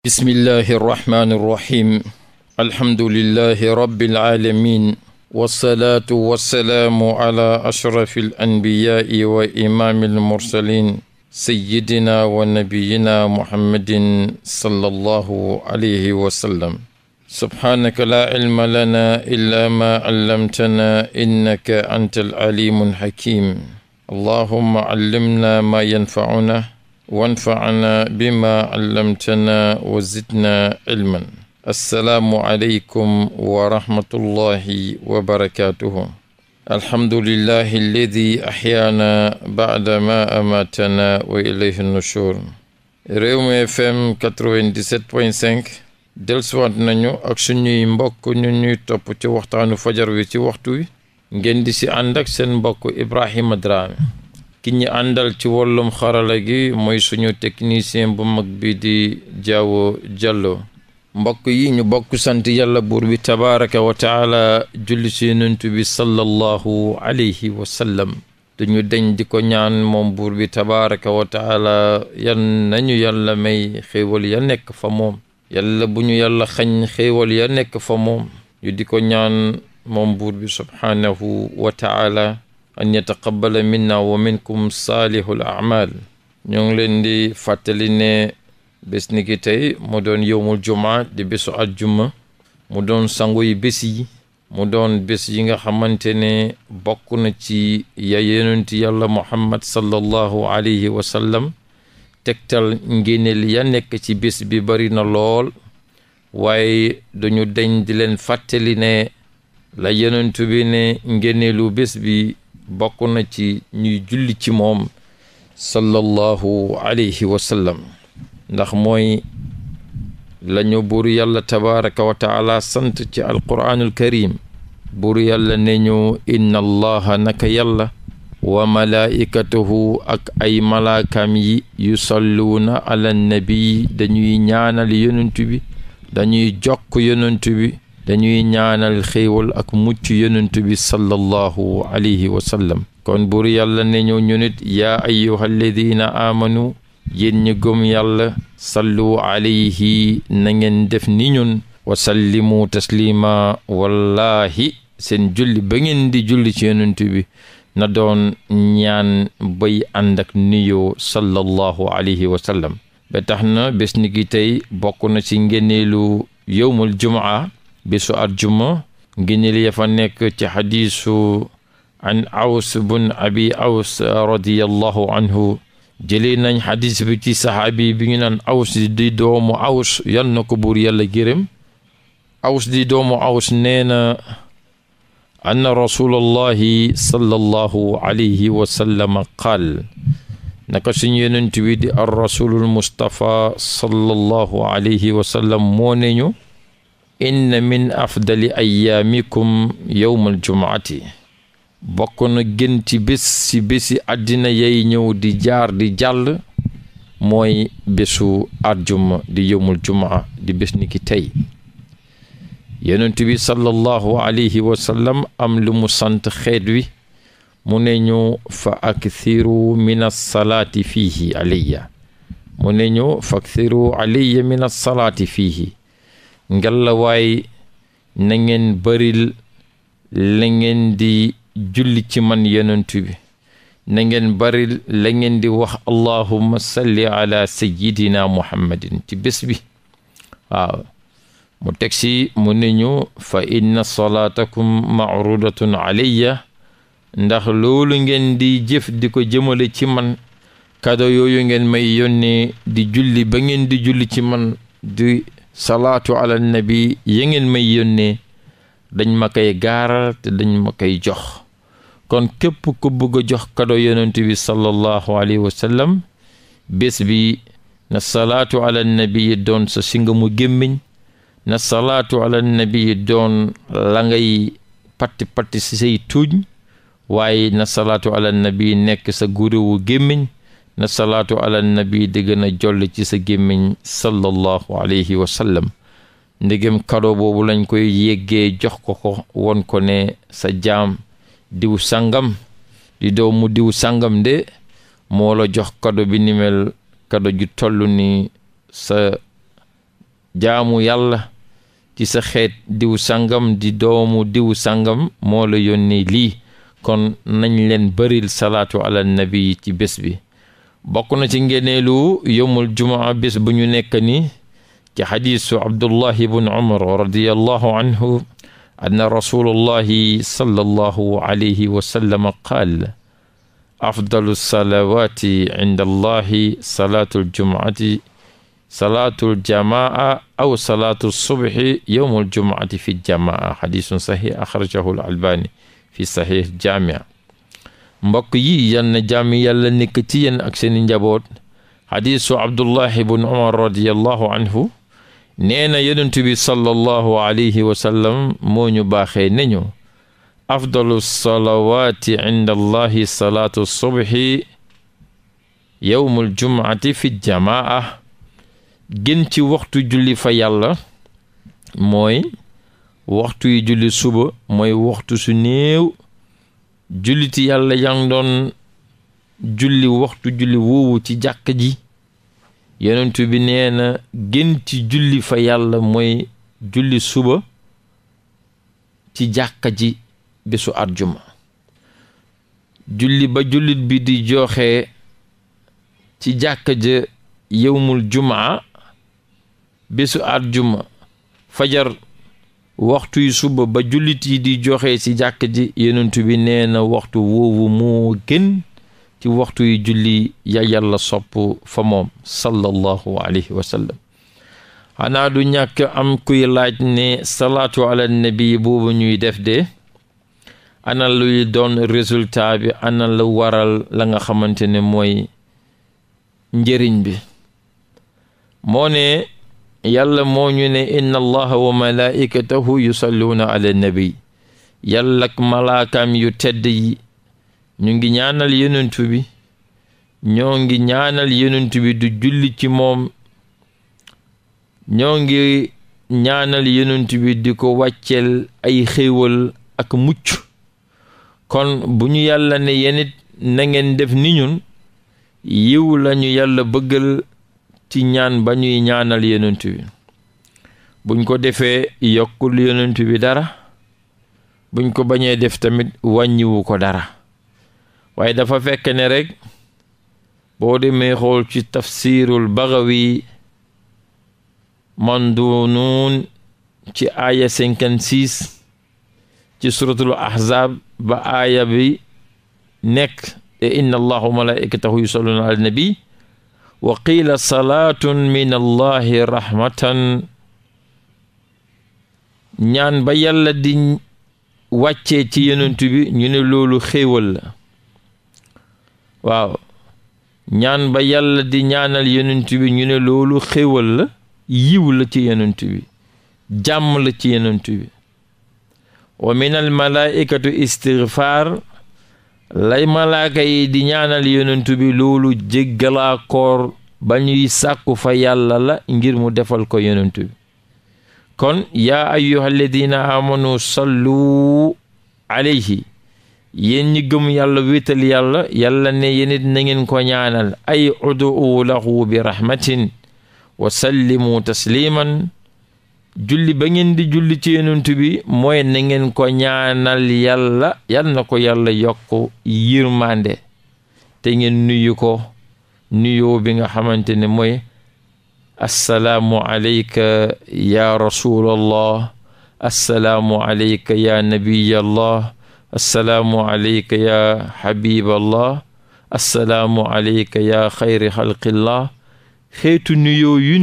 bismillahi irrahmani irrahim alhamdulilahi rabiilalamin walsalaatu walsalaamu ala ashrafi alanbiyaai wa imaami almursalin sayidina wa nabiyina muhammadin sala allahu alayhi wasallam subhaanaka laa cilma lana illa ma callamtana innaka anta alcalimu alxakim allahuma callimna ma yanfacuna wanfacna bima callamtana wa zidna cilman assalaamu aleykum wa rahmatullahi wa barakatuhu alhamdulillahi alladi axyaana bacda ma amaatana wa ilayhi nushur Rewmi FM 97.5 delsuwaat nañu ak suñuy mbokk ñu ñuy topp ci waxtaanu fajar wi ci waxtu wi ngeen di si ànd ak seen mbokk Ibrahima Drame ki ñu àndal ci wàllum xarala gi mooy suñu technicien bu mag bi di jaawo jàllo mbokk yi ñu bokk sant yàlla buur bi tabaraka wa julli si yonent bi sallallahu alayhi wa sallam duñu deñ di ko ñaan moom buur bi tabaraka wa nañu yàlla may xéewal ya nekk fa moom yàlla bu ñu yàlla xañ xéewal ya nekk fa moom ñu di ko ñaan moom buur subhaanahu wa an yataqabbala minna wa minkum saalihul amal ñoo leen di fàttali ne bés ni mu doon yowmul jumaa di bésu ajjuma mu doon sangu yi bés yi mu doon bés yi nga xamante ne bokk na ci ya yonent yàlla muhammad sallallahu alayhi wa sallam tegtal ngéneel ya nekk ci bés bi bari na lool waaye dañu deñ di leen fàttali ne la yonent bi ne ngéneelu bés bokk na ci ñuy julli ci moom sallallahu alayhi wa ndax mooy lañu ñu buur yàlla tabaraka sant ci alquraanul karim buur yàlla ne ñu inna allaha naka yàlla wa malaikatahu ak ay malaakaam yi yusalluuna ala nabi dañuy ñaanal yonent dañuy jokk yonent dañuy ñaanal xéewal ak mucc yonent bi sallallahu alayhi kon buur yàlla ne ñu ñu nit yaa ayyuha alladina aamanu yéen yàlla sallu alayhi na ngeen def ni ñun wa sallimu taslima wallahi seen julli ba ngeen di julli ci yonent bi na doon ñaan bay ànd ak nuyoo sallallahu alayhi wa tax na bés ni ki bokk na ci ngéneelu yowmul jumaa bisu àjjuma ngëneel ya fa nekk ci xadiisu an aws bun abi aws radiyallahu anhu jëlee nañ xadis bi ci saxaabi bi ñu naan aws di doomu aws yal na ko buur yàlla gërëm aws di doomu aws nee na anna rasulallahi sallallahu alayhi wa sallam qaal naka suñu yonent wi di ar rasulul mustapha sallallahu alayhi wa sallam moo neñu inna min afdali ayaamikum yowmal jumuati bokk na gën ci bés ci bési yay ñëw di jaar di jàll mooy bésu àjjuma di yowmal jumaa di bés ni ki tey yonent bi sallallahu alayhi wa am lu mu sant xeet wi mu ne ñu fa akthiru min alsalaati fiihi alayya mu ne ñu fa akthiru alayya min alsalaati fiihi ngelawaay na ngeen baril la ngeen di julli ci man yonentu bi na ngeen baril la ngeen di wax allahumma salli ala sayyidina muhammadin ci bés bi waaw mu teg si mu ne ñu fa inna salaatakum maarudatun alayya ndax loolu ngeen di jëf di ko jëmale ci man kado yooyu ngeen may yónnee di julli ba ngeen di julli ci man di salaatu ala nabi ya ngeen may yónnee dañ ma koy gaaral te dañ ma koy jox kon képp ko bëgg a jox kado yonent bi sallallahu alayhi wa bés bi na salaatu ala nabi doon sa singamu gémmiñ na salaatu ala nabi doon la ngay patti patti si say tuuñ waaye na salaatu ala nabi nekk sa guréwu gémmiñ na salaatu ala nabi di gën a joll ci sa gémmiñ sallallahu alayhi wa sallam ndegem kado boobu lañ koy yéggee jox ko ko won ko ne sa jaam diw sàngam di doomu diw sàngam de moo la jox kado bi ni mel kado ju toll ni sa jaamu yàlla ci sa xeet diw sàngam di doomu diw sàngam moo la yónnee lii kon nañ leen bëril salaatu ala nabi ci bés bi bokk na ci ngeneelu yowmul jumaa bis bu ñu nekk ni ci xadiisu abdullahi ibn umar radiyallahu anhu anna rasulullahi sallallahu alayhi wa sallam qaal afdalu salawaati inda allahi salaatul jumuati salaatul jamaa aw salaatu subhi yowmul jumuati fi jamaa xadiisun saxiix axrajahu al albani fi saxiix jaamia mbokk yi yal na jàmm yàlla nekk ci yéen ak seen njaboot xadiisu abdullahi bun umar radiallahu anhu nee na yonent bi sallallahu alayhi wa sallam moo ñu baaxee nañu afdalu salawaati inda allahi salaatu subhi yowmul fi jamaa gën ci waxtu julli fa yàlla mooy waxtu julli suba mooy waxtu su néew julliti yàlla yang julli waxtu julli woowu ci jàkk ji yonentu bi nee na gën ci julli fa yàlla mooy julli suba ci jàkka ji bésu arjuma julli ba jullit bi di joxe ci jàkka ja yowmul jumaa bésu arjuma waxtu yi suba ba jullit yi di joxe ci jàkk ji yonent bi nee na waxtu woowu moo gën ci waxtu yi julli ya yàlla sopp fa moom sallallahu alayhi wa xanaa du ñàkk am kuy laaj ne salaatu ala nabi boobu ñuy def de ana luy doon résultat bi ana waral la nga xamante ne mooy njëriñ bi moo ne yàlla moo ñu ne inna allaha wa malaikatahu yusalluuna ala nabi yàlla ak malaakaam yu tedd yi ñu ngi ñaanal yenentu bi ñoo ngi ñaanal yenentu du julli ci moom ñoo ngi ñaanal yenentu bi di ko wàcceel ay xéewal ak mucc kon bu ñu yàlla ne yenit na ngeen def ni ñun yiw lañu yàlla bëggal ci ñaan ba ñuy ñaanal yonent buñ ko defee yokkul yonent bi dara buñ ko bañee def tamit wàññiwu ko dara waaye dafa fekk ne rekk boo demee xool ci tafsirul bagawi mandunuun ci aaya 56 ci suratul ahzab ba aaya bi nekk e inna allahu malaikatahu yusalluna ala nabi wa qiila salaatun min allahi rahmatan ñaan ba yàlla di wàccee ci yenentu bi ñu ne loolu xéewal waaw ñaan ba yàlla di ñaanal yenentu bi ñu ne loolu xéewal la yiw la ci yenentu bi jàmm la ci yenentu bi wa min al malaikatu lay malaaka yi di ñaanal yonentu bi loolu jéggalaa koor ba ñuy sàkku fa yàlla la ngir mu defal ko yonentu kon yaa ayyuha alladina amanu sallu alayhi yéen ñi gëm yàlla wital yàlla yàlla ne yenit na ko ñaanal ay udu'u lahu bi rahmatin wa sallimu tasliman julli ba ngeen di julli ci yonent bi mooy na ngeen ko ñaanal yàlla yal ko yàlla yokk yirmande te ngeen nuyu ko nuyoo bi nga xamante ne mooy assalaamu alayka ya rasulallah assalaamu alayka ya nabiyallah assalaamu alayka ya habiballah assalaamu alayka ya xayri xalqillah xeetu nuyoo yu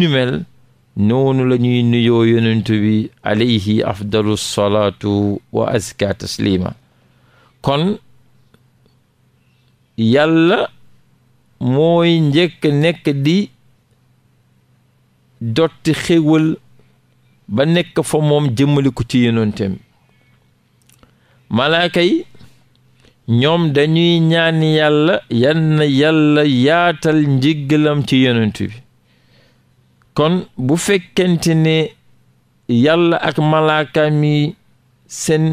noonu la ñuy nuyoo yonent bi alayhi afdalu salaatu wa azka taslima kon yàlla mooy njëkk nekk di dotti xéwal ba nekk fa moom jëmmali ko ci yonenteem malaaka yi ñoom dañuy ñaan yàlla yan yàlla yaatal njiggalam ci yonent bi kon bu fekkente ne yàlla ak malaaka mi seen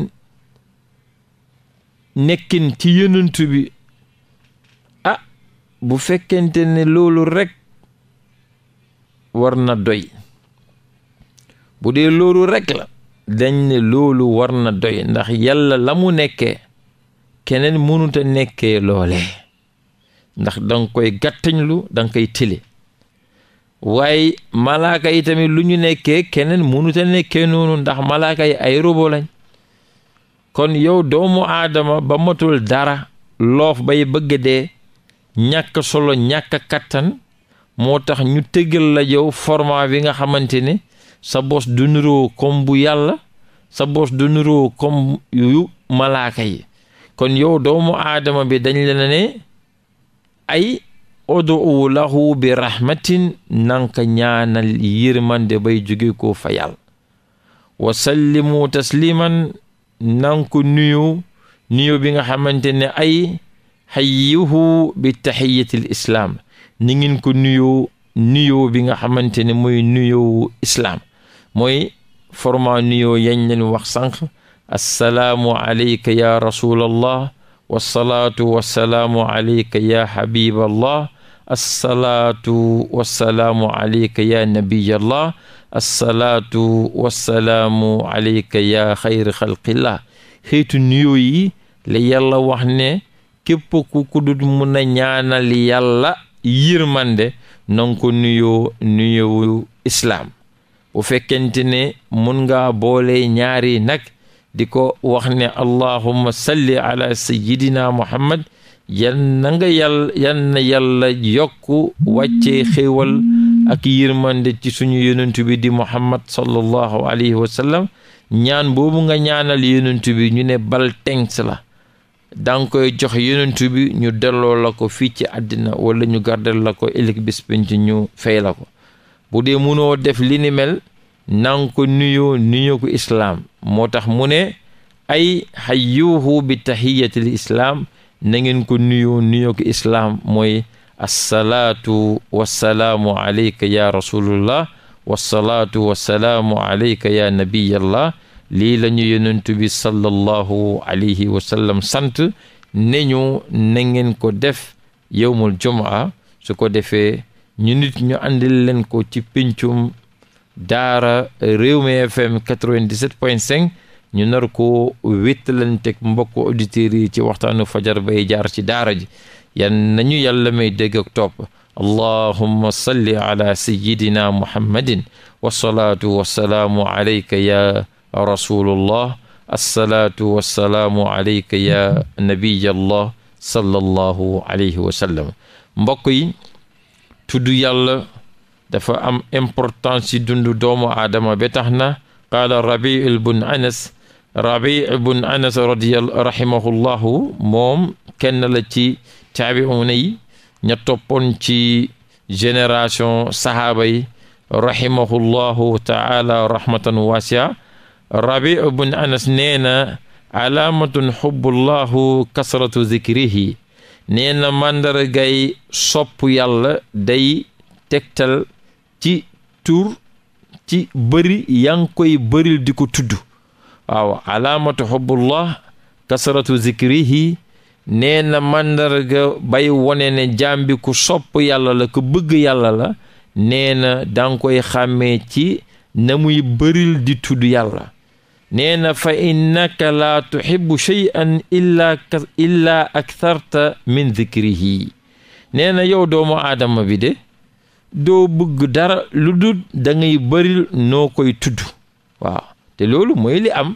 nekkin ci yonent bi a ah, bu fekkente ne loolu rekk war na doy bu dee loolu rekk dañ ne loolu war na doy ndax yàlla la mu nekkee keneen mënuta nekke loole ndax danga koy gàttañlu danga koy tële waaye malaaka yi tamit lu ñu nekkee keneen mënuta nekkee noonu ndax malaaka yi ay robo lañ kon yow doomu aadama ba matul dara loof bay bëgg dee ñàkk solo ñàkk kattan moo tax ñu tëggal la yow format bi nga xamante ni sa bos du niroo comme bu yàlla sa bos du niroo kom yu malaaka yi kon yow doomu aadama bi dañ leen ne ay ud'u lahu bi rahmatin nanka ñaanal yërmande bay jóge ko fa yàlla wa sallimu tasliman nan ko nuyu nuyu bi nga xamante ne ay xayyuhu bi taxiyatil islaam ni ngeen ko nuyu nuyu bi nga xamante ne mooy nuyu islaam mooy format nuyu yañ leen wax sànq assalaamu alayka ya rasulallah wasalaatu wasalaamu alayka ya habiballah assalaatu salaamu alayka ya nabiyallah assalaatu wassalaamu alayka ya xayri xalqillah xëytu nuyoo yi la yàlla wax ne képp ku kudut mun a ñaanal yàlla yërmande nanga ko nuyo nuyoo islaam bu fekkente ne mun nga boole ñaari nag di ko wax ne allahumma salli ala sayyidina muhammad yan na nga yàlla yan yàlla yokk wàccee xéewal ak yërmande ci suñu yonent bi di muhammad sallallahu alayhi wa sallam ñaan boobu nga ñaanal yonent bi ñu ne bal tengs la danga jox yonent bi ñu delloo la ko fii ci àddina wala ñu gardel la ko ëllëg bis ñu fay la ko bu dee munoo def li ni mel nanga ko islaam moo tax mu ne ay xayyuhu bi tahiyatil islaam na ngeen ko nuyoo nuyoo islaam mooy assalaatu wassalaamu alayka ya rasulullah wassalaatu wassalaamu alayka ya nabiyallah lii la ñu yonent bi sallallahu alayhi wa sant ne ñu na ngeen ko def yowmul jumaa su ko defee ñu nit ñu àndil leen ko ci pincum daara Rewmi FM 97.5 ñu nar ko wéttalanteeg mbokk auditeurs yi ci waxtaanu fajar bay jaar ci daara ji yan nañu yàlla may dégg ak topp allahumma salli ala sayyidina muhammadin wasalaatu wasalaamu alayka ya rasulullah assalaatu wasalaamu alayka ya nabiyallah sallallahu alayhi wa sallam mbokk yi tudd yàlla dafa am importance ci dundu doomu aadama ba tax na qaala rabiul bun anas rabi bun anas radiyallahu rahimahullahu moom kenn la ci taabiuna ña toppoon ci génération sahaaba yi rahimahullahu taala rahmatan wasia rabi bun anas nee na xubbullahu kasratu zikrihi nee na màndargay yàlla day tegtal ci tur ci bëri yaa ngi di ko tudd waaw alaamatu xubbullah kasaratu zikrihi nee na màndarga bay wone ne jaam ku sopp yàlla la ku bëgg yàlla la nee na danga koy xàmmee ci na muy bëril di tudd yàlla nee na fa innaka laa tuxibu cheyan illa illaa aktharta min zikrihi nee na yow doomu aadama bi de doo bëgg dara lu dul da ngay noo koy tudd waaw te loolu mooy li am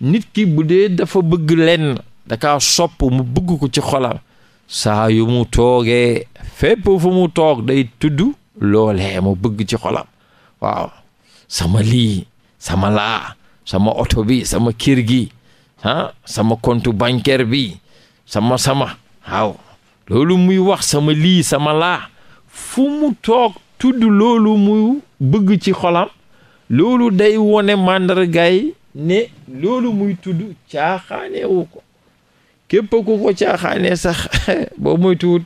nit ki bu dee dafa bëgg lenn dakaa sopp mu bëgg ko ci xolam saa yu mu toogee fépp fu mu toog day tudd loolee mu bëgg ci xolam waaw sama lii sama laa sama oto bi sama kër gi sama compte bancaire bi sama sama waaw loolu muy wax sama lii sama laa fu mu toog tudd loolu mu bëgg ci xolam loolu day wone màndargaay ne loolu muy tudd caaxaanewu ko képp ku ko caaxaanee sax boo muy tuut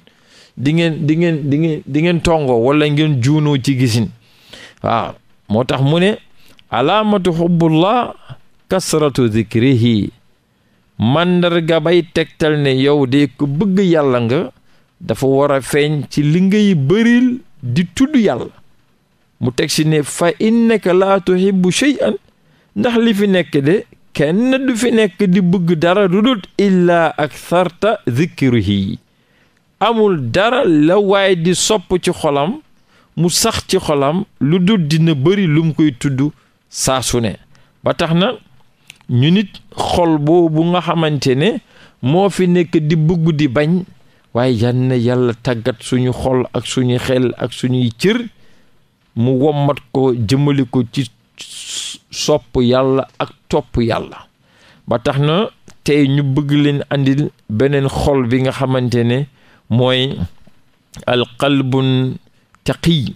di ngeen di ngeen tongoo wala ngeen juunoo ci gisin waaw moo tax mu ne alaamatu xubbullah kasratu zikrihi màndarga bay tegtal ne yow de ko bëgg yàlla nga dafa war a feeñ ci li yi bëril di tudd yàlla mu teg si ne fa innaka laa tuhibbu shay'an ndax li fi nekk de kenn du fi nekk di bëgg dara dudut illaa aktharta yi amul dara la waay di sopp ci xolam mu sax ci xolam lu dut dina bari lum koy tudd saasu ne ba tax na ñu nit xol boobu nga xamante ne moo fi nekk di bëgg di bañ waaye yan na yàlla tàggat suñu xol ak suñu xel ak suñuy cër mu wommat ko jëmali ko ci sopp yàlla ak topp yàlla ba tax na tey ñu bëgg leen andil beneen xol bi nga xamante ne mooy alqalbun taqiy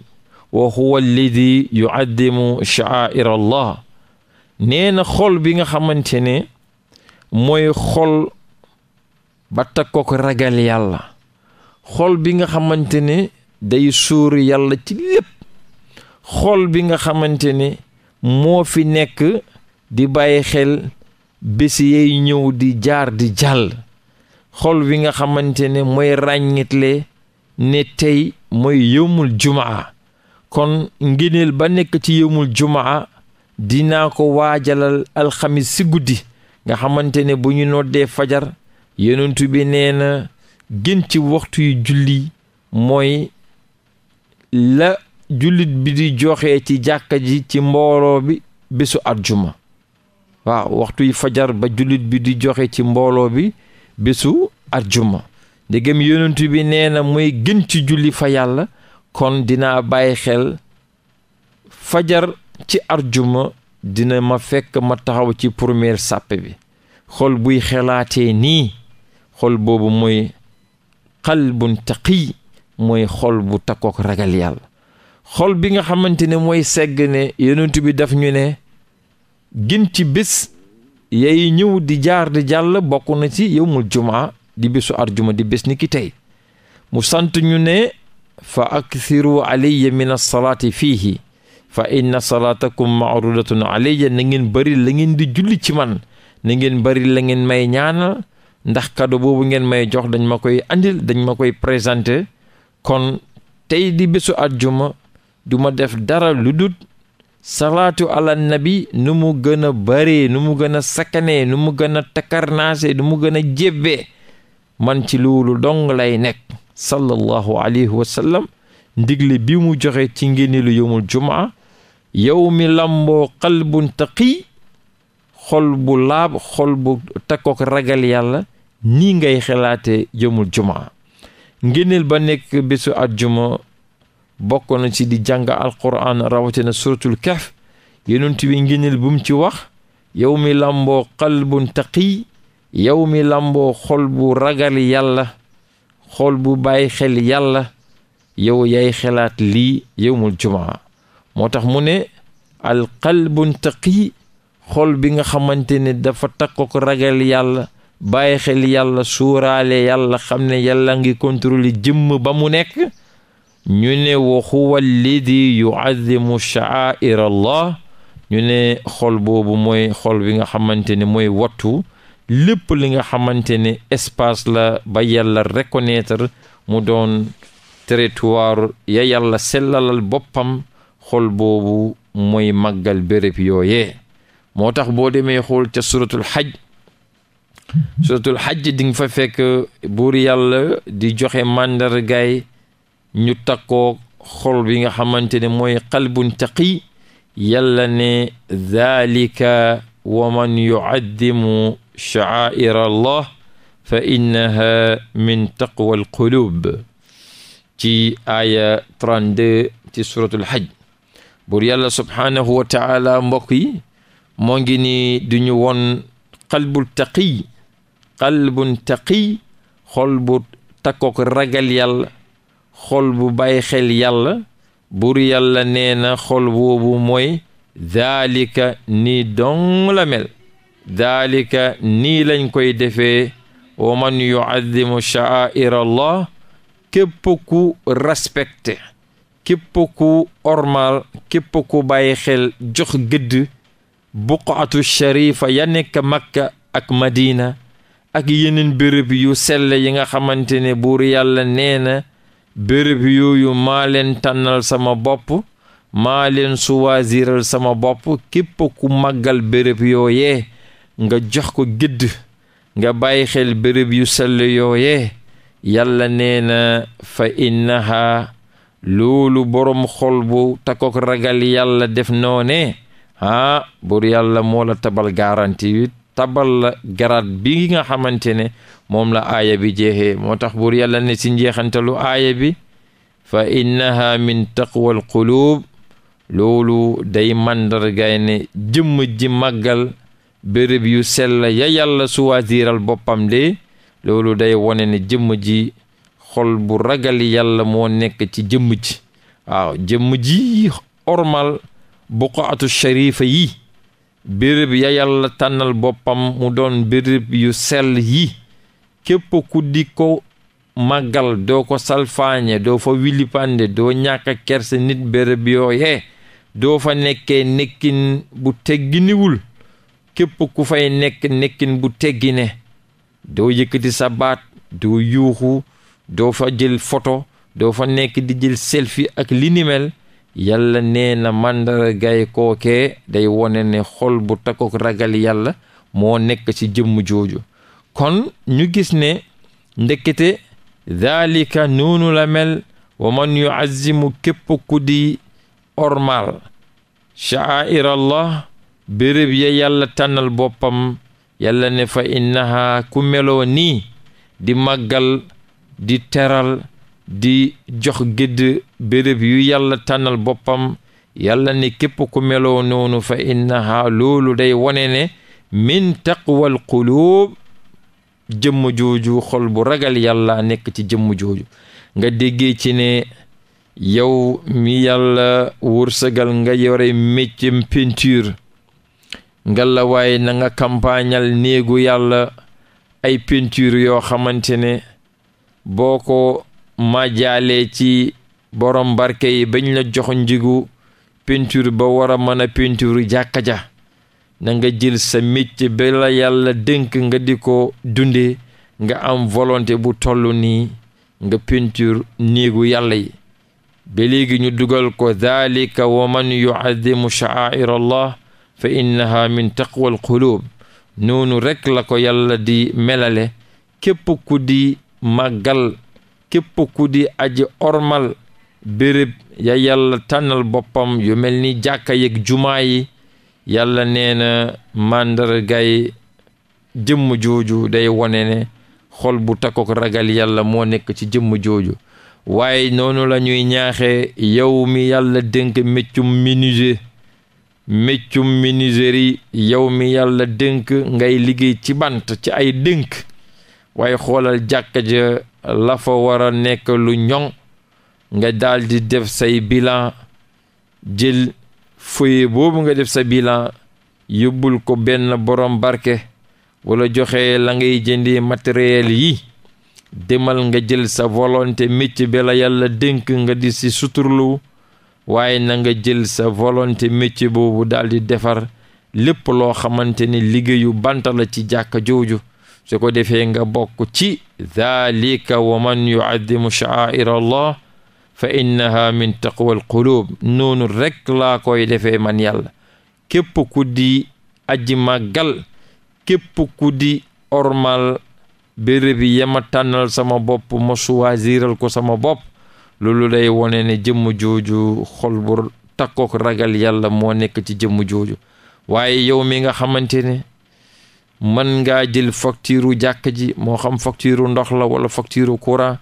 wa huwa alladi yuaddimu sha'air allah nee na xol bi nga xamante ne mooy xol ba tag ko ko ragal yàlla xol bi nga xamante ne day suur yàlla ci lépp xool bi nga xamante ne moo fi nekk di bàyyi xel bés yay ñëw di jaar di jàll xool bi nga xamante ne mooy ràññitle ne tey mooy yëmul jumaa kon ngéneel ba nekk ci yëmul jumaa dina ko waajalal alxamis si guddi nga xamante ne bu ñu noddee fajar yonentu bi nee na gën ci waxtu yu julli mooy la jullit bi di joxe ci jàkka ji ci mbooloo bi bésu àjjuma waaw waxtu yi fajar ba jullit bi di joxe ci mbooloo bi bésu àjjuma ndegam yonent bi nee na mooy gën ci julli fa yàlla kon dina bàyyi xel fajar ci àjjuma dina ma fekk ma taxaw ci première sàppe bi xol buy xelaatee nii xol boobu mooy xalbun taqi mooy xol bu takkook ragal yàlla xol bi nga xamante ne mooy segg ne yonent bi daf ñu ne gin ci bés yay ñëw di jaar di jàll bokk na ci yowmul jumaa di bésu juma di bés ni ki tey mu sant ñu ne fa ak akthiru alayya min fii fiihi fa inna salaatakum maarudatun alayya na ngeen bari la ngeen di julli ci man na ngeen bari la ngeen may ñaanal ndax kado boobu ngeen may jox dañ ma koy andil dañ ma koy présenté kon tey di bésu àjjuma du ma def dara lu dut salaatu ala nabi nu mu gën a baree nu mu gën a sakkanee nu mu gën a takarnaase nu mu gën a jébbee man ci loolu dong lay nekk sallallahu alayhi wa ndigle bi mu joxe ci ngéneelu yowmul jumaa yow mi lamboo qalbun taqi xol bu laab xol bu takkook ragal yàlla nii ngay xalaate yowmul jumaa ngéneel ba nekk bésu àjjuma bokkoon na ci di jàng alquran rawatina suratul kahf yonent bi ngëneel bu mu ci wax yow mi làmboo qalbun taqi yow mi làmboo xol bu ragal yàlla xol bu bàyyi xel yàlla yow yay xelaat lii yowmul jumaa moo tax mu ne al qalbun taqi xol bi nga xamante ne dafa takko ko ragal yàlla bàyyi xel yàlla suuraale yàlla xam ne yàlla ngi contrôler jëmm ba mu nekk ñu ne wa huwa alladi yuazimu sha'air allah ñu ne xol boobu mooy xol bi nga xamante ne mooy wattu lépp li nga xamante ne espace la ba yàlla reconnaître mu doon territoire ya yàlla sellalal boppam xol boobu mooy màggal béréb yooye moo tax boo demee xool ca suratul xaj suratul xaj di nga fa fekk buur yàlla di joxe màndargaay ñu takkoo xol bi nga xamante ne mooy qalbun taqi yàlla ne daalika wa man yucaddimu sha'aa'ir allah fa innaha min taqwa alqulub ci aaya 32 ci suratul hajj buur yàlla subhaanahu wa taala mbokk yi moo ngi ni duñu woon qalbul taqi qalbun taqi xol bu takkook ragal yàlla xol bu bàyyi xel yàlla buur yàlla nee na xol boobu mooy daalika nii dong la mel daalika nii lañ koy defee wa man yuaddimu sha'air allah képp ku respecté képp ku ormal képp ku bàyyi xel jox gëdd buqaatu sharifa ya nekk makka ak madiina ak yeneen béréb yu sell yi nga xamante ne buur yàlla neena bërëb yooyu maa leen tànnal sama bopp maa leen suwaasiral sama bopp képp ku màggal béréb yooyee nga jox ko gëdd nga bàyyi xel béréb yu sell yooyee yàlla nee na fa inna loolu boroom xol bu takook ragal yàlla def noone ah buur yàlla moola tabal garanti tabal la garaat bi nga xamante ne moom la aaya bi jeexee moo tax buur yàlla ne si njeexantalu aaya bi fa innaha min taqwal quluub loolu day màndargaay ne jëmm ji màggal bërëb yu sell ya yàlla suwaasiiral boppam de loolu day wone ne jëmm ji xol bu ragal yàlla moo nekk ci jëmm ji waaw jëmm ji ormal buqaatu sharifa yi bërëb ya yàlla tànnal boppam mu doon béréb yu sell yi képp ku di ko màggal doo ko salfaañe doo fa wilipande doo ñàkk kerse nit bérëb yooyee doo fa nekkee nekkin bu tegginiwul képp ku fay nekk nekkin bu teggine doo yëkkati sa baat doo yuuxu doo fa jël foto doo fa nekk di jël selfi ak li yalla nee na màndargay kookee day wone ne xol bu takkook ragal yàlla moo nekk ci jëmm jooju kon ñu gis ne ndekkete daalika noonu la mel wa man yuazimu képp ku di ormal sha'air allah béréb ya yàlla tànnal boppam yàlla ne fa innaha ku meloo nii di màggal di teral di jox gëdd béréb yu yàlla tànnal boppam yàlla ne képp ku meloo noonu fa innaha loolu day wone ne min taqwal quluub jëmm jooju xol bu ragal yàlla nekk ci jëmm jooju nga déggee ci ne yow mi yàlla wërsëgal nga yore méccam peinture nga la waaye na nga campagnal néegu yàlla ay peinture yoo xamante ne boo ko majaalee ci borom barke yi bañ la jox njigu peinture ba war a mën a peinture jàkka ja na nga jël sa métier bi yàlla dénk nga di ko dundee nga am volonte bu toll nii nga peinture néegu yàlla yi ba léegi ñu dugal ko dalika wa man yuadimu sha'air allah fa innaha min taqwa al qulub rekk la ko yàlla di melale képp ku di màggal képp ku di aji ormal béréb ya yàlla tànnal boppam yu mel ni jàkka yeeg jumaa yi yàlla neena na màndargay jëmm jooju day wone ne xol bu takkook ragal yàlla moo nekk ci jëmm jooju waaye noonu la ñuy ñaaxee yow dënk yàlla dénk méccum menuisier méccum menuiserie yow mi yàlla dénk ngay liggéey ci bant ci ay dënk waaye xoolal jàkk ja la fa war nekk lu ñoŋ nga daldi def say bilan jël foyer boobu nga def sa bilan yóbbul ko benn borom barke walla joxe la ngay jëndee matériel yi demal nga jël sa volonté métier bi la yàlla dénk nga di si suturlu waaye na nga jël sa volonté métier boobu daldi defar lépp loo xamante ni liggéeyu banta la ci jàkka jooju su ko defee nga bokk ci dhalika wa man yuaddimu sha'air fa innaha min taqwal quluub noonu rekk laa koy defee man yàlla képp ku di aji màggal képp ku di ormal béréb yi yama tànnal sama bopp ma ko sama bopp loolu day wone ne jëmm jooju xol bu takkook ragal yàlla moo nekk ci jëmm jooju waaye yow mi nga xamante ne mën ngaa jël facture jàkk ji moo xam facture ndox la wala facture courant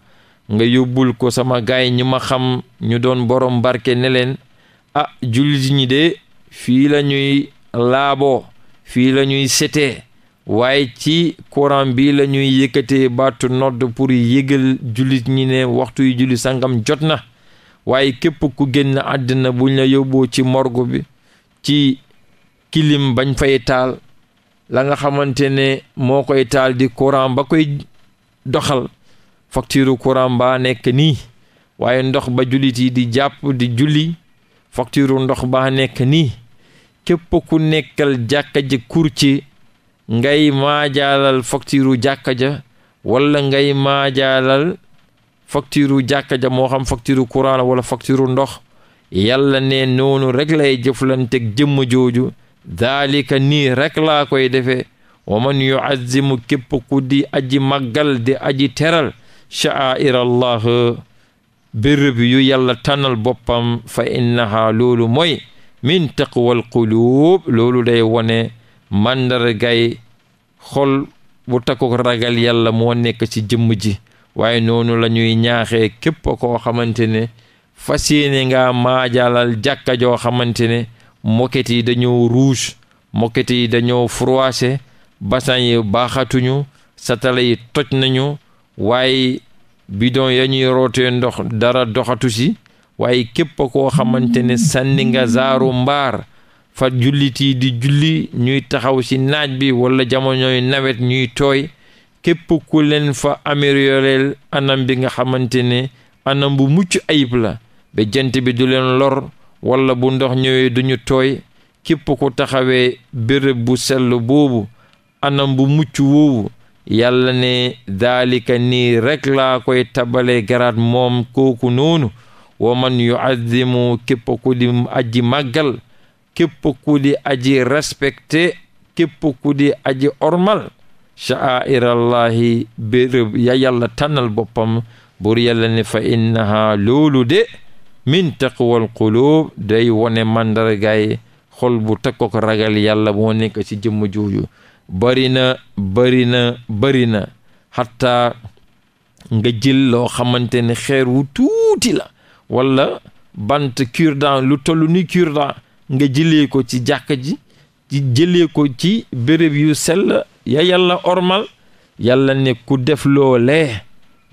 nga yóbbul ko sama gaay ñi ma xam ñu doon borom barke ne leen ah jullit ñi de fii lañuy laabo fii lañuy sete waaye ci courant bi lañuy ñuy baatu nodd pour yëgal jullit ñi ne waxtu yu julli sangam jot na waaye képp ku génn àddina buñ la yóbbu ci morgo bi ci kilim bañ fay taal la nga xamante ne moo koy taal di courant ba koy doxal facture courant ba nekk nii waaye ndox ba jullit yi di jàpp di julli facture ndox baa nekk nii képp ku nekkal jàkka ja courtier ngay maajaalal facture jàkka ja wala ngay maajaalal facture jàkka ja moo xam facture courant la wala facture ndox yàlla ne noonu rek lay jëflanteeg jëmm jooju daalika nii rek laa koy defee wa man yuazzimu képp di aji màggal di aji teral sha'airallah bérëb yu yàlla tànnal boppam fa innaha loolu mooy min taqwal quluub loolu day wone màndargay xol bu takko ragal yàlla moo nekk ci jëmm ji waaye noonu la ñuy ñaaxee képp koo xamante ne fas yéene nga maajalal jàkka joo xamante ne moket yi dañoo rouge moket yi dañoo froissé bassin yi baaxatuñu satala toj nañu waaye bidon ya ñuy rootee ndox dara doxatu si waaye képp koo xamante ne sànni nga zaaru mbaar fa jullit yi di julli ñuy taxaw si naaj bi wala jamonoy nawet ñuy tooy képp ku leen fa amélioreel anam bi nga xamante ne anam bu mucc ayib la ba jant bi du leen lor wala bu ndox ñëwee duñu tooy képp ku taxawee béréb bu sell boobu anam bu mucc woowu yàlla ne daalika nii rek laa koy tabale garaat moom kooku noonu wa man yuazimu képp ku aji màggal képp ku di aji respecté képp ku di aji ormal sha'airallahi bérëb ya yàlla tànnal boppam bur yàlla ne fa innaha loolu de min taqwal qulub day wone mandargaay xol bu takkook ragal yàlla moo nekk ci jëmm jooju bari na bari na bari na xataa nga jël xamante ne xeer wu tuuti la walla bant cure lu toll ni cure nga jëlee ko ci jàkka ji ci jëlee ko ci béréb yu sell ya yàlla ormal yàlla ne ku def loolee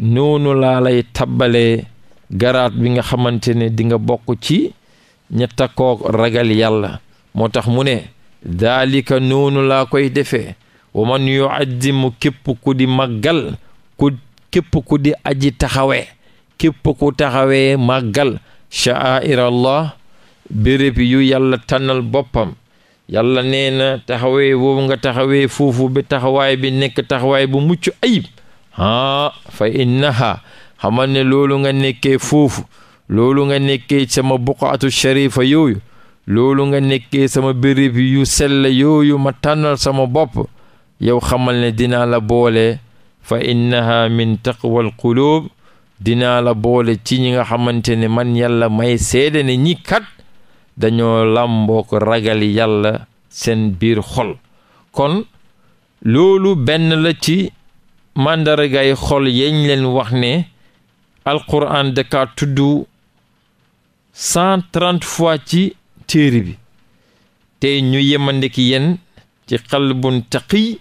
noonu laa lay tabbalee garaat bi nga xamante ne dinga bokk ci ñetta ragal yàlla moo tax mu ne daalika noonu laa koy defee wa man yuaddimu képp ku di màggal ku ku di aji taxawee képp ku taxawee màggal sha'airallah béréb yu yàlla tànnal boppam yàlla neena na taxawee woowu nga taxawee foofu bi taxawaay bi nekk taxawaay bu mucc ayib ah fa innaha xamal ne loolu nga nekkee foofu loolu nga nekkee sama buqaatu sharifa yooyu loolu nga nekke sama béréb yu sell yooyu ma tànnal sama bopp yow xamal ne dinaa la boole fa innaha min taqwal quluub dinaa la boole ci ñi nga xamante ne man yàlla may seede ne ñi kat dañoo lamboo ko ragal yàlla seen biir xol kon loolu benn la ci màndargaay xol yeñ wax ne alquran da kaa fois ci téere bi tey ñu yemande yenn yéen ci xalbun taqi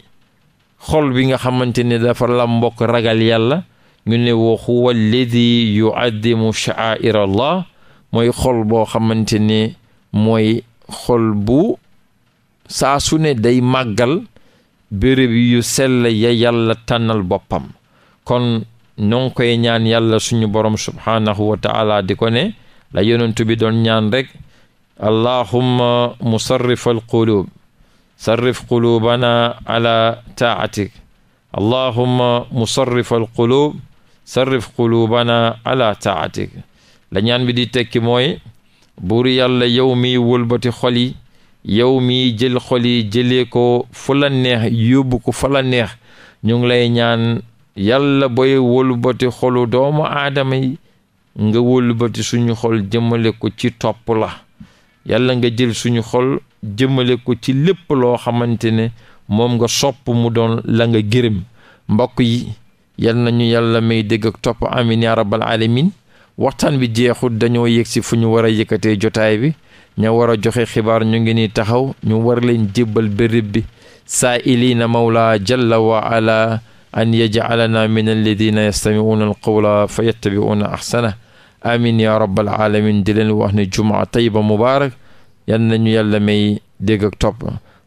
xol bi nga xamante ne dafa lam mbokk ragal yàlla ñu ne wa huwa alladi yuaddimu sha'air allah mooy xol boo xamante ne mooy xol bu saa su ne day màggal béréb yu sell ya yàlla tànnal boppam kon ñoo koy ñaan yàlla suñu borom subhaanahu wa taala di ko ne la yonentu bi doon ñaan rekk allahumma musarrif alqulub sarrif qulubana ala taatik allahumma musarrif alqulub sarrif qulubana la ñaan bi di tekki mooy buur yàlla yow miy wëlbati xol yi yow miy jël yi jëlee ko fu la neex ko fa la ñu ngi lay ñaan yàlla booy wëlbati xolu doomu aadama yi nga wëlbati suñu xol jëmale ko ci topp la yàlla nga jël suñu xol jëmale ko ci lépp loo xamante ne moom nga sopp mu doon la nga gërëm mbokk yi yal nañu yàlla may dégg ak topp amin ya rabbal alamin waxtaan bi jeexut dañoo yëg si fu ñu war a yëkkatee jotaay bi ña war a joxe xibaar ñu ngi ni taxaw ñu war leen jébbal béréb bi saa ilina mawla jalla wa ala an yaj'alana min alladina yastami'una alqawla fa yattabi'una ahsana amin ya rabbal alamin di leen wax ne jumaa tayiba mubaarak yal nañu yàlla may dégg ak topp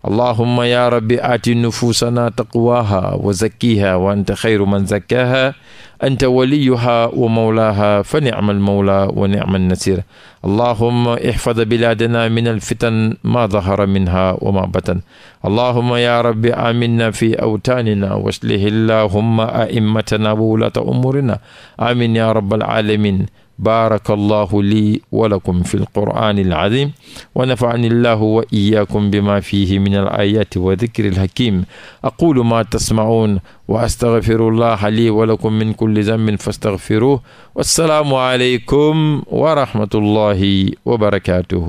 allahumma ya rabbi aati nufuusanaa taqwaaha wa zakkiha wa anta xayru man zakkaaha anta waliyuha wa mawlaaha fa nicma almawla wa nicma alnasir allahumma ixfad bilaadana min alfitan ma dahara minha wa ma batan allahumma ya rabbi aminna fi awtaanina wa aslih allahumma aimmatana wa wulaata umuurina amin ya rabbal alamin baaraka allahu lii wa lakum fi lqur'ani alazim wa nafa'ani allahu wa iyaakum bima fihi min alayaati wa dikri alhakim aqulu ma tasma'un wa astaghfiru allaha lii wa lakum min kulli zambin fastaghfiruh wassalaamu aleykum wa rahmatullahi wa barakatuhu